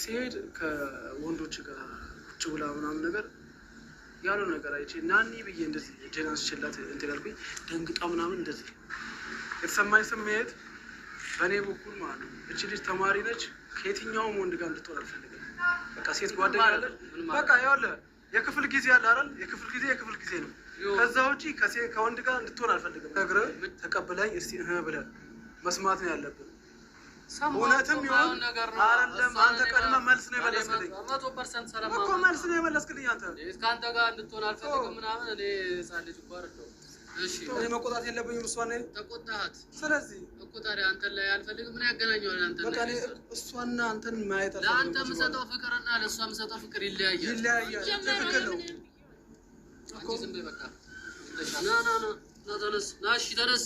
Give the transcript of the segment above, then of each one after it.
ሲሄድ ከወንዶች ጋር ቁጭ ብላ ምናምን ነገር ያለው ነገር አይቼ ናኒ ብዬ እንደዚህ እጄን አንስቼላት እንትን ያልኩኝ ደንግጣ ምናምን እንደዚህ የተሰማኝ ስሜት በእኔ በኩል ማለት ነው። እቺ ልጅ ተማሪ ነች። ከየትኛውም ወንድ ጋር እንድትሆን አልፈልግም። በቃ ሴት ጓደኛ አለ በቃ ያለ የክፍል ጊዜ አለ አይደል? የክፍል ጊዜ የክፍል ጊዜ ነው። ከዛ ውጪ ከወንድ ጋር እንድትሆን አልፈልግም። ነግረህ ተቀብላኝ እስቲ ብለን መስማት ነው ያለብን። እውነትም ይሁን አይደለም አንተ ቀድመህ መልስ ነው የመለስክልኝ እኮ መልስ ነው የመለስክልኝ። አንተ ከአንተ ጋር እንድትሆን አልፈልግም ምናምን እኔ ህፃን ልጅ እኮ አይደለሁ። እኔ መቆጣት የለብኝም እሷን ተቆጣሃት። ስለዚህ እኮ ታዲያ አንተን ላይ አልፈልግም። ምን ያገናኘዋል? አንተ እሷና አንተን ማየት ለአንተ የምሰጠው ፍቅርና ለእሷ የምሰጠው ፍቅር ይለያያል። ይለያያል። ትክክል ነው። ዝም በቃ ና ና ና ተነስ፣ ና እሺ ተነስ።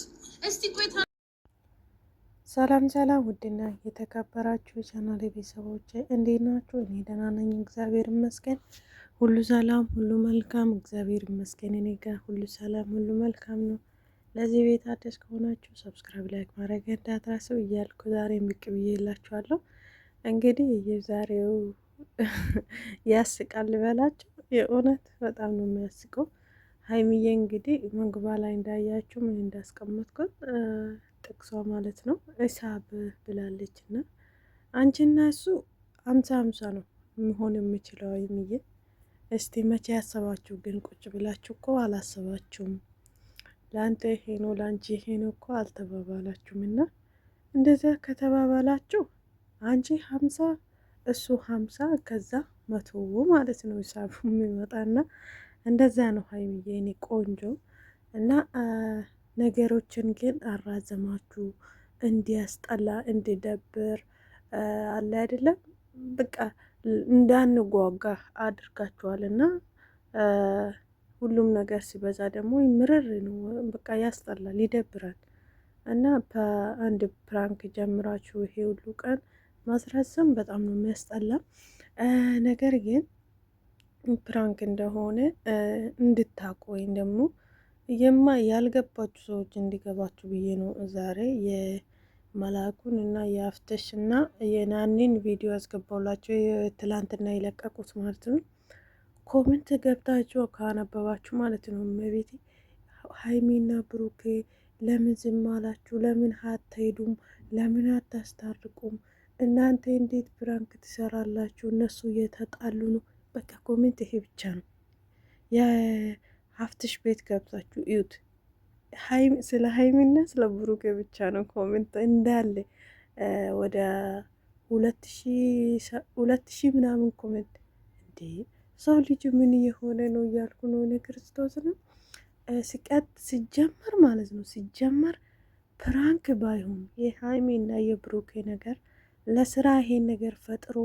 እስቲ ቆይ ሰላም ሰላም፣ ውድና የተከበራችሁ የቻናል ቤተሰቦች እንዴት ናችሁ? እኔ ደህና ነኝ፣ እግዚአብሔር ይመስገን። ሁሉ ሰላም፣ ሁሉ መልካም፣ እግዚአብሔር ይመስገን። እኔ ጋር ሁሉ ሰላም፣ ሁሉ መልካም ነው። ለዚህ ቤት አዲስ ከሆናችሁ ሰብስክራይብ፣ ላይክ ማድረግ እንዳትረሱ እያልኩ ዛሬ ብቅ ብዬላችኋለሁ። እንግዲህ የዛሬው ያስቃል በላችሁ፣ የእውነት በጣም ነው የሚያስቀው። ሀይሚዬ እንግዲህ ምግባ ላይ እንዳያችሁ ምን እንዳስቀመጥኩት ጠቅሷ ማለት ነው እሳብ ብላለች። እና አንቺና እሱ አምሳ አምሳ ነው መሆን የምችለው አይምዬ። እስቲ መቼ ያሰባችሁ ግን? ቁጭ ብላችሁ እኮ አላሰባችሁም። ለአንተ ይሄ ነው ለአንቺ ይሄ ነው እኮ አልተባባላችሁም። እና እንደዚያ ከተባባላችሁ አንቺ ሀምሳ እሱ ሀምሳ ከዛ መቶ ማለት ነው ሂሳቡ የሚመጣና እንደዚያ ነው ሀይሚዬ፣ የኔ ቆንጆ እና ነገሮችን ግን አራዘማችሁ እንዲያስጠላ እንዲደብር አለ አይደለም በቃ እንዳንጓጋ አድርጋችኋል እና ሁሉም ነገር ሲበዛ ደግሞ ምርር ነው። በቃ ያስጠላል፣ ይደብራል። እና በአንድ ፕራንክ ጀምራችሁ ይሄ ሁሉ ቀን ማስረዘም በጣም ነው የሚያስጠላ። ነገር ግን ፕራንክ እንደሆነ እንድታቁ ወይም ደግሞ የማ ያልገባችሁ ሰዎች እንዲገባችሁ ብዬ ነው ዛሬ የመላኩን እና የአፍተሽ እና የናኒን ቪዲዮ ያስገባውላቸው ትላንትና የለቀቁት ማለት ነው። ኮመንት ገብታችሁ ካነበባችሁ ማለት ነው መቤቴ ሀይሚና ብሩኬ ለምን ዝም አላችሁ? ለምን አትሄዱም? ለምን አታስታርቁም? እናንተ እንዴት ፕራንክ ትሰራላችሁ? እነሱ እየተጣሉ ነው። በቃ ኮሜንት ይሄ ብቻ ነው። ሀፍትሽ ቤት ገብታችሁ እዩት። ስለ ሀይሚና ስለ ብሩክ ብቻ ነው ኮሜንት እንዳለ ወደ ሁለት ሺህ ምናምን ኮሜንት። እንዴ ሰው ልጅ ምን የሆነ ነው እያልኩ ነው እኔ ክርስቶስ ነው ስቀጥ ሲጀመር ማለት ነው ሲጀመር ፕራንክ ባይሆን የሀይሚና የብሩኬ ነገር ለስራ ይሄን ነገር ፈጥሮ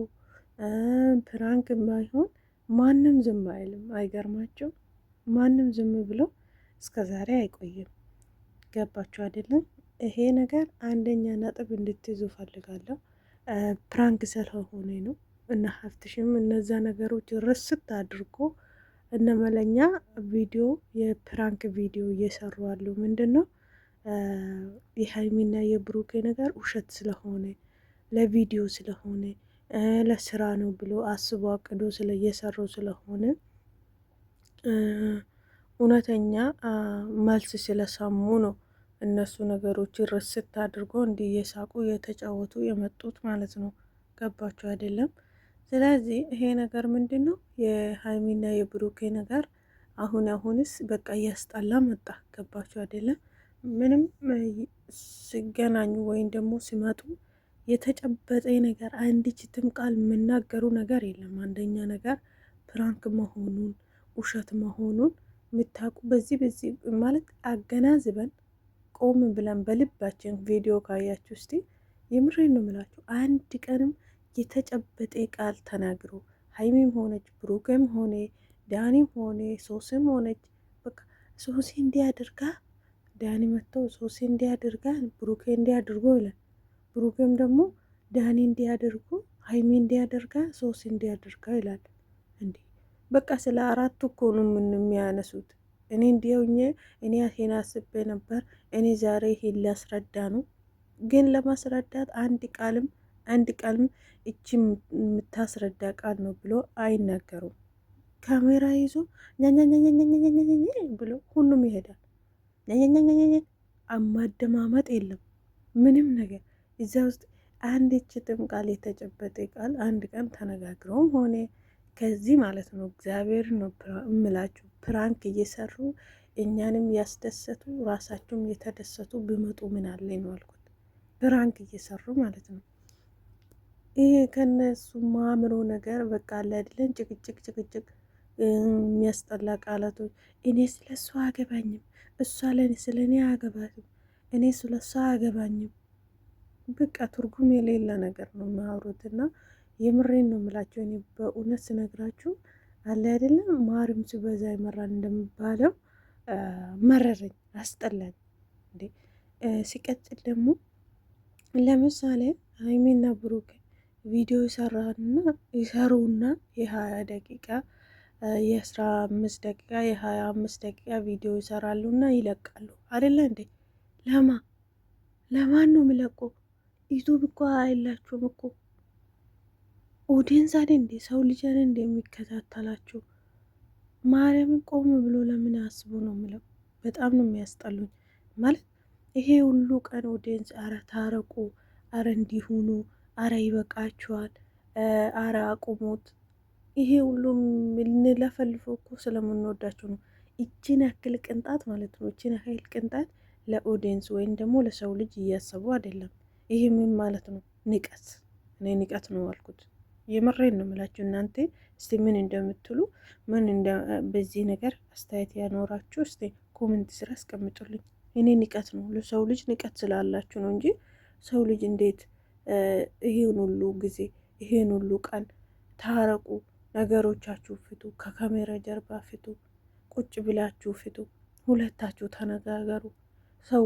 ፕራንክ ባይሆን ማንም ዝም አይልም። አይገርማቸው ማንም ዝም ብሎ እስከ ዛሬ አይቆይም። ገባችሁ አይደለም? ይሄ ነገር አንደኛ ነጥብ እንድትይዙ ፈልጋለሁ። ፕራንክ ስለሆነ ነው እና ሀብትሽም እነዛ ነገሮች ርስት አድርጎ እነመለኛ ቪዲዮ የፕራንክ ቪዲዮ እየሰሩ አሉ። ምንድን ነው የሀይሚና የብሩኬ ነገር ውሸት ስለሆነ ለቪዲዮ ስለሆነ ለስራ ነው ብሎ አስቦ አቅዶ እየሰሩ ስለሆነ እውነተኛ መልስ ስለሰሙ ነው እነሱ ነገሮች ርስት አድርገው እንዲህ የሳቁ እየተጫወቱ የመጡት ማለት ነው። ገባቸው አይደለም? ስለዚህ ይሄ ነገር ምንድን ነው የሀይሚና የብሩኬ ነገር አሁን አሁንስ በቃ እያስጠላ መጣ። ገባቸው አይደለም? ምንም ሲገናኙ ወይም ደግሞ ሲመጡ የተጨበጠ ነገር አንድችትም ቃል የምናገሩ ነገር የለም። አንደኛ ነገር ፕራንክ መሆኑን ውሸት መሆኑን የምታውቁ በዚህ በዚህ ማለት አገናዝበን ቆም ብለን በልባችን ቪዲዮ ካያችሁ እስቲ የምሬ ነው ምላችሁ አንድ ቀንም የተጨበጠ ቃል ተናግሮ ሀይሚም ሆነች ብሩኬም ሆነ ዳኒም ሆነ ሶስም ሆነች በቃ ሶሲ እንዲያደርጋ ዳኒ መጥተው ሶሲ እንዲያደርጋ ብሩኬ እንዲያደርጎ ይላል። ብሩኬም ደግሞ ዳኒ እንዲያደርጉ ሀይሚ እንዲያደርጋ ሶሲ እንዲያደርጋ ይላል። በቃ ስለ አራቱ እኮ ነው ምን የሚያነሱት። እኔ እንዲያውኝ እኔ አቴና አስቤ ነበር። እኔ ዛሬ ይሄን ሊያስረዳ ነው። ግን ለማስረዳት አንድ ቃልም አንድ ቃልም እቺ የምታስረዳ ቃል ነው ብሎ አይናገሩም። ካሜራ ይዞ ብሎ ሁሉም ይሄዳል። አማደማመጥ የለም ምንም ነገር እዚያ ውስጥ አንድ ችትም ቃል የተጨበጠ ቃል አንድ ቀን ተነጋግረውም ሆኔ ከዚህ ማለት ነው እግዚአብሔር ነው እምላችሁ ፕራንክ እየሰሩ እኛንም ያስደሰቱ ራሳቸውም የተደሰቱ ቢመጡ ምን አለ ነው አልኩት። ፕራንክ እየሰሩ ማለት ነው። ይሄ ከነሱ ማምሮ ነገር በቃ ለድለን ጭቅጭቅ ጭቅጭቅ የሚያስጠላ ቃላቶች። እኔ ስለ እሷ አገባኝም፣ እሷ ለእኔ ስለ እኔ አገባትም፣ እኔ ስለ እሷ አገባኝም። በቃ ትርጉም የሌለ ነገር ነው የሚያወሩትና የምሬን ነው የምላቸው። እኔ በእውነት ስነግራችሁ አለ አይደለም ማርም ሲበዛ ይመራል እንደሚባለው መረረኝ፣ አስጠላኝ። እንዴ ሲቀጥል ደግሞ ለምሳሌ አይሜና ብሩክ ቪዲዮ ይሰራና ይሰሩና የሀያ ደቂቃ የአስራ አምስት ደቂቃ የሀያ አምስት ደቂቃ ቪዲዮ ይሰራሉና ይለቃሉ አይደለ እንዴ? ለማ ለማን ነው የሚለቁ? ዩቱብ እኮ አይላችሁም እኮ ኦዲየንስ አለ እንዴ? ሰው ልጅ አለ እንዴ የሚከታተላችሁ? ማርያምን ቆም ብሎ ለምን አስቡ ነው የምለው። በጣም ነው የሚያስጠሉኝ። ማለት ይሄ ሁሉ ቀን ኦዲየንስ አረ ታረቁ፣ አረ እንዲሁኑ፣ አረ ይበቃችኋል፣ አረ አቁሙት። ይሄ ሁሉ የምንለፈልፈው እኮ ስለምንወዳቸው ነው። እችን ያክል ቅንጣት ማለት ነው፣ እችን ያክል ቅንጣት ለኦዲየንስ ወይም ደግሞ ለሰው ልጅ እያሰቡ አይደለም። ይሄ ምን ማለት ነው? ንቀት። እኔ ንቀት ነው አልኩት። የምሬን ነው የምላችሁ። እናንተ እስቲ ምን እንደምትሉ ምን በዚህ ነገር አስተያየት ያኖራችሁ እስቲ ኮመንት ስራ አስቀምጡልኝ። እኔ ንቀት ነው ለሰው ልጅ ንቀት ስላላችሁ ነው እንጂ ሰው ልጅ እንዴት ይሄን ሁሉ ጊዜ ይሄን ሁሉ ቀን ታረቁ፣ ነገሮቻችሁ ፍቱ፣ ከካሜራ ጀርባ ፍቱ፣ ቁጭ ብላችሁ ፍቱ፣ ሁለታችሁ ተነጋገሩ፣ ሰው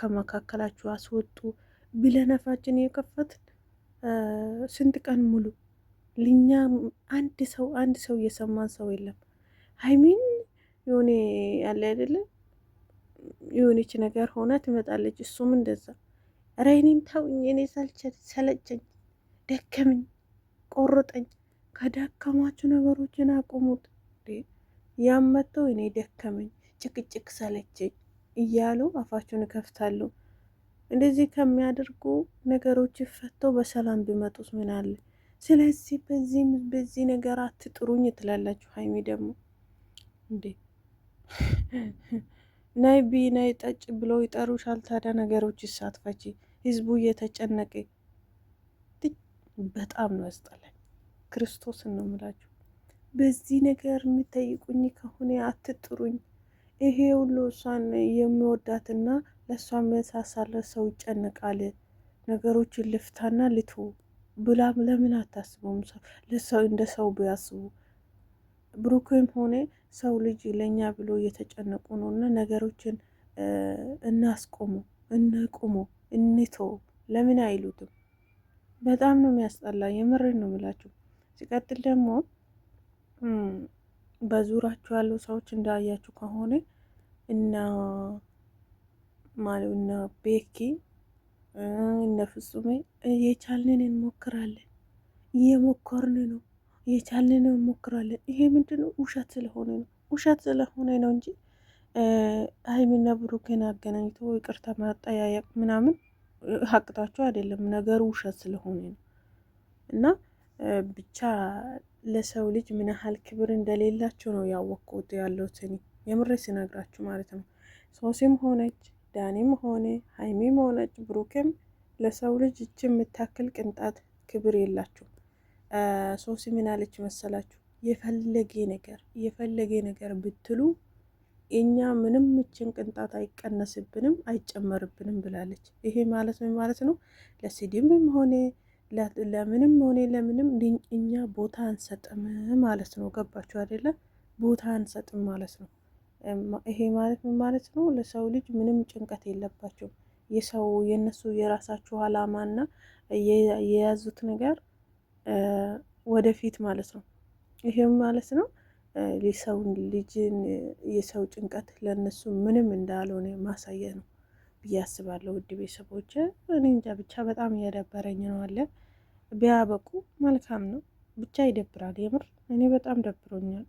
ከመካከላችሁ አስወጡ ብለነፋችን የከፈትን ስንት ቀን ሙሉ ልኛ አንድ ሰው አንድ ሰው እየሰማን ሰው የለም። ሀይሚን የሆነ ያለ አይደለም የሆነች ነገር ሆና ትመጣለች። እሱም እንደዛ ረይኔን ታውኝ እኔ ሰለቸኝ፣ ደከመኝ፣ ቆርጠኝ። ከዳከማችሁ ነገሮችን አቁሙት። ያመተው እኔ ደከመኝ፣ ጭቅጭቅ ሰለቸኝ እያሉ አፋቸውን ከፍታለሁ። እንደዚህ ከሚያደርጉ ነገሮች ፈተው በሰላም ቢመጡት ምን አለ? ስለዚህ በዚህ በዚህ ነገር አትጥሩኝ ትላላችሁ። ሀይሚ ደግሞ እንዴ ናይ ቢ ናይ ጠጭ ብሎ ይጠሩሻል። ታዲያ ነገሮች ይሳትፈች ህዝቡ እየተጨነቀ በጣም ነው ያስጠላል። ክርስቶስ ነው ምላችሁ። በዚህ ነገር የምትጠይቁኝ ከሆነ አትጥሩኝ። ይሄ ሁሉ እሷን የሚወዳትና ለእሷም ያሳሳለ ሰው ይጨነቃል። ነገሮችን ልፍታና ልቶ ብላም ለምን አታስቡም? ለሰው እንደ ሰው ቢያስቡ ብሩክም ሆነ ሰው ልጅ ለእኛ ብሎ እየተጨነቁ ነው እና ነገሮችን እናስቆሙ እንቁሙ እንቶ ለምን አይሉትም? በጣም ነው የሚያስጠላ። የምርን ነው ምላችሁ። ሲቀጥል ደግሞ በዙራችሁ ያሉ ሰዎች እንዳያችሁ ከሆነ እና ማለው እና ቤኪ እነ ፍጹሜ የቻልንን እንሞክራለን፣ እየሞከርን ነው፣ የቻልንን እንሞክራለን። ይሄ ምንድነው? ውሸት ስለሆነ ነው፣ ውሸት ስለሆነ ነው እንጂ ሀይሚና ብሩኬን አገናኝቶ ይቅርታ ማጠያየቅ ምናምን ሀቅታቸው አይደለም። ነገሩ ውሸት ስለሆነ ነው እና ብቻ ለሰው ልጅ ምን ያህል ክብር እንደሌላቸው ነው ያወቅኩት ያለሁት እኔ የምሬ ስነግራችሁ ማለት ነው። ሶሲም ሆነች ዳኒም ሆነ ሀይሚም ሆነች ብሩክም ለሰው ልጅ እች የምታክል ቅንጣት ክብር የላችሁ። ሶሲ ምን አለች መሰላችሁ? የፈለጌ ነገር የፈለጌ ነገር ብትሉ እኛ ምንም እችን ቅንጣት አይቀነስብንም አይጨመርብንም ብላለች። ይሄ ማለት ምን ማለት ነው? ለስድብም ሆነ ለምንም ሆነ ለምንም እኛ ቦታ አንሰጥም ማለት ነው። ገባችሁ አይደለም? ቦታ አንሰጥም ማለት ነው። ይሄ ማለት ምን ማለት ነው? ለሰው ልጅ ምንም ጭንቀት የለባቸው። የሰው የነሱ የራሳቸው አላማ እና የያዙት ነገር ወደፊት ማለት ነው። ይሄም ማለት ነው የሰው ልጅን የሰው ጭንቀት ለነሱ ምንም እንዳልሆነ ማሳያ ነው ብዬ አስባለሁ። ውድ ቤተሰቦች እኔ እንጃ ብቻ በጣም እያደበረኝ ነው አለ ቢያበቁ መልካም ነው። ብቻ ይደብራል። የምር እኔ በጣም ደብሮኛል።